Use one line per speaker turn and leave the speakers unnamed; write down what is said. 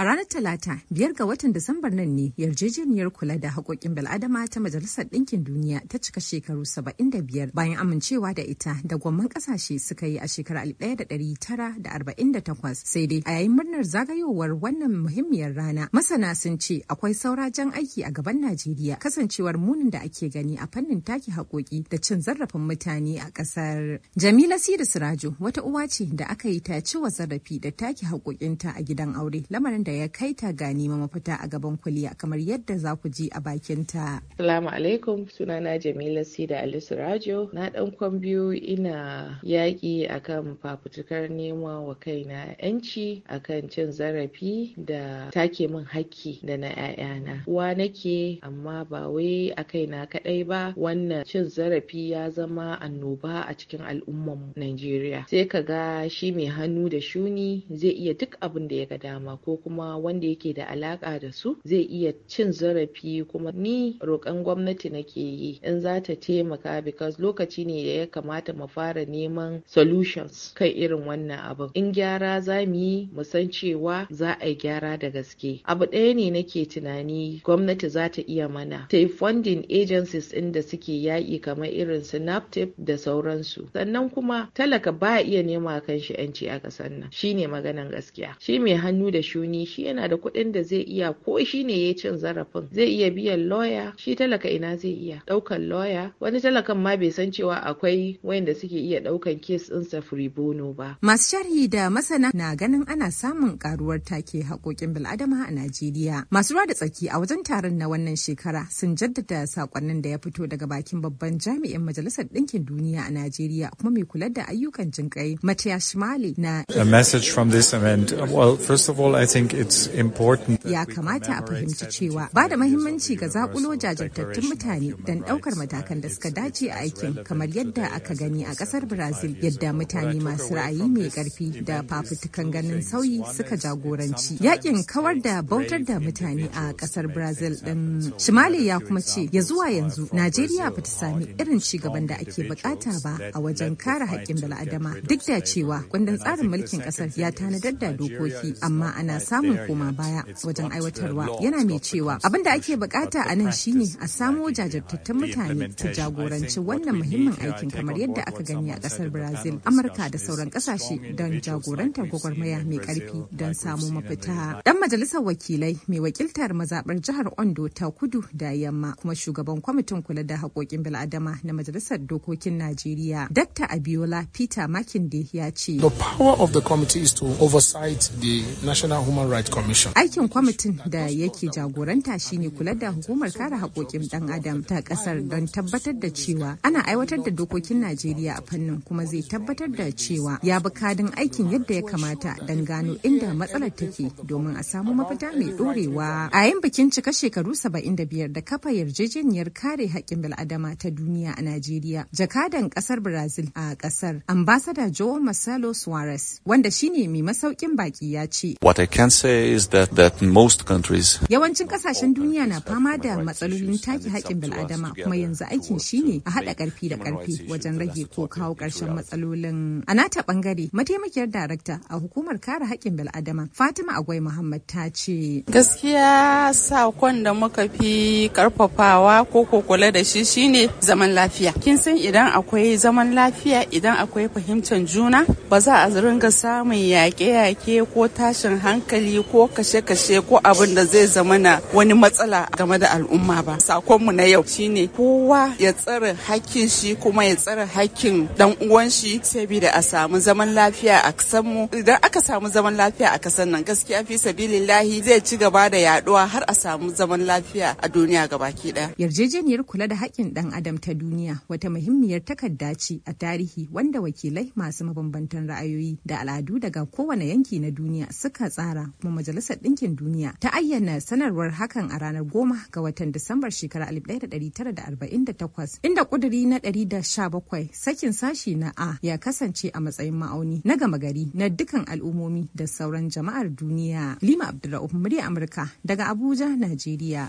A ranar Talata, biyar ga watan Disambar nan ne yarjejeniyar kula da haƙoƙin bil'adama ta Majalisar Ɗinkin Duniya ta cika shekaru 75 bayan amincewa da ita da gwamman ƙasashe suka yi a shekarar 1948 sai dai a yayin murnar zagayowar wannan muhimmiyar rana masana sun ce akwai saura jan aiki a gaban Najeriya kasancewar munin da ake gani a fannin take haƙoƙi da cin zarafin mutane a ƙasar. Jamila Sidi Sirajo wata uwa ce da aka yi ta ci wa zarafi da take haƙoƙinta a gidan aure lamarin da ya kai ta ga nima mafita a gaban kuliya kamar yadda za ku ji a bakin ta.
Assalamu alaikum sunana Jamila Sida Ali Rajo. na dan kwan ina yaƙi akan fafutukar nema wa kaina yanci akan cin zarafi da take min haƙƙi da na 'ya'yana. Uwa nake amma ba wai a kaina kaɗai ba wannan cin zarafi ya zama annoba a cikin al'umman Najeriya. Sai ka ga shi mai hannu da shuni zai iya duk abin da ya ga dama ko kuma kuma wanda yake da alaka da su zai iya cin zarafi kuma ni roƙon gwamnati nake yi in za ta taimaka because lokaci ne da ya kamata mu fara neman solutions kan irin wannan abin in gyara za mu yi mu san cewa za a yi gyara da gaske abu ɗaya ne nake tunani gwamnati za ta iya mana ta yi funding agencies ɗin da suke yaƙi kamar irin su da sauransu sannan kuma talaka ba iya nema kan shi 'yanci a ƙasar nan shine maganan gaskiya shi mai hannu da shuni shi yana da kuɗin da zai iya ko shi ne ya cin zarafin zai iya biyan lawyer shi talaka ina zai iya ɗaukan lawyer wani talakan ma bai san cewa akwai wanda suke iya ɗaukan kes ɗin sa bono ba.
Masu sharhi da masana na ganin ana samun karuwar take haƙoƙin bil'adama a Najeriya. Masu ruwa da tsaki a wajen taron na wannan shekara sun jaddada sakonnin da ya fito daga bakin babban jami'in Majalisar Ɗinkin Duniya a Najeriya kuma mai kula da ayyukan jinƙai Matiya Shimali na. A
message from this event. Well, first of all, I think Ya
kamata a fahimci cewa ba da mahimmanci ga zakulo jajirtattun mutane don ɗaukar matakan da suka dace a aikin kamar yadda aka gani a ƙasar Brazil yadda mutane masu ra'ayi mai ƙarfi da fafutukan ganin sauyi suka jagoranci. Yakin kawar da bautar da mutane a ƙasar Brazil ɗin Shimale ya kuma ce ya zuwa yanzu Najeriya ba ta sami irin cigaban da ake bukata ba a wajen kare haƙƙin bil'adama duk da cewa kundin tsarin mulkin ƙasar ya tanadar da dokoki amma ana samun samun koma baya wajen aiwatarwa yana mai cewa abin da ake bukata a nan shine a samo jajirtattun mutane su jagoranci wannan muhimmin aikin kamar yadda aka gani a kasar brazil amurka da sauran kasashe don jagorantar gwagwarmaya mai karfi don samo mafita dan majalisar wakilai mai wakiltar mazabar jihar ondo ta kudu da yamma kuma shugaban kwamitin kula da haƙoƙin bil'adama na majalisar dokokin najeriya dr abiola peter makinde ya ce the power of the committee is to oversight the national human Rights Commission. Aikin kwamitin da yake jagoranta shine kula da hukumar kare haƙoƙin ɗan adam ta ƙasar don tabbatar da cewa ana aiwatar da dokokin Najeriya a fannin kuma zai tabbatar da cewa ya bi kadin aikin yadda ya kamata don gano inda matsalar take domin a samu mafita mai ɗorewa. A yin bikin cika shekaru saba'in da biyar da kafa yarjejeniyar kare haƙƙin bil'adama ta duniya a Najeriya, jakadan ƙasar Brazil a ƙasar, ambasada Joe Marcelo Suarez, wanda shine mai masaukin baki ya ce. What I can Yawancin kasashen duniya na fama da matsalolin take haƙƙin bil'adama kuma yanzu aikin shine a haɗa ƙarfi da ƙarfi wajen rage ko kawo ƙarshen matsalolin. A nata ɓangare mataimakiyar darakta a hukumar kare haƙƙin bil'adama Fatima Agwai Muhammad ta ce.
Gaskiya sakon da muka fi ƙarfafawa ko ko kula da shi shine zaman lafiya. Kin san idan akwai zaman lafiya idan akwai fahimtar juna ba za a ringa samun yaƙe-yaƙe ko tashin hankali hankali ko kashe-kashe ko abin da zai zama na wani matsala game da al'umma ba sakonmu na yau shine kowa ya tsare hakkin shi kuma ya tsare hakkin dan uwan shi da a samu zaman lafiya a kasan mu idan aka samu zaman lafiya a kasan nan gaskiya fi sabilillahi zai ci gaba da yaduwa har a samu zaman lafiya a duniya gabaki daya yarjejeniyar kula
da hakkin dan adam ta duniya wata muhimmiyar takarda ce a tarihi wanda wakilai masu mabambantan ra'ayoyi da al'adu daga kowane yanki na duniya suka tsara kuma Majalisar Ɗinkin Duniya ta ayyana sanarwar hakan a ranar goma ga watan Disambar shekarar 1948 inda ƙuduri na 117 sakin sashi na A ya kasance a matsayin ma'auni na gama gari na dukkan al'ummomi da sauran jama'ar duniya. Lima Abdulrahman murya Amurka daga Abuja, Najeriya.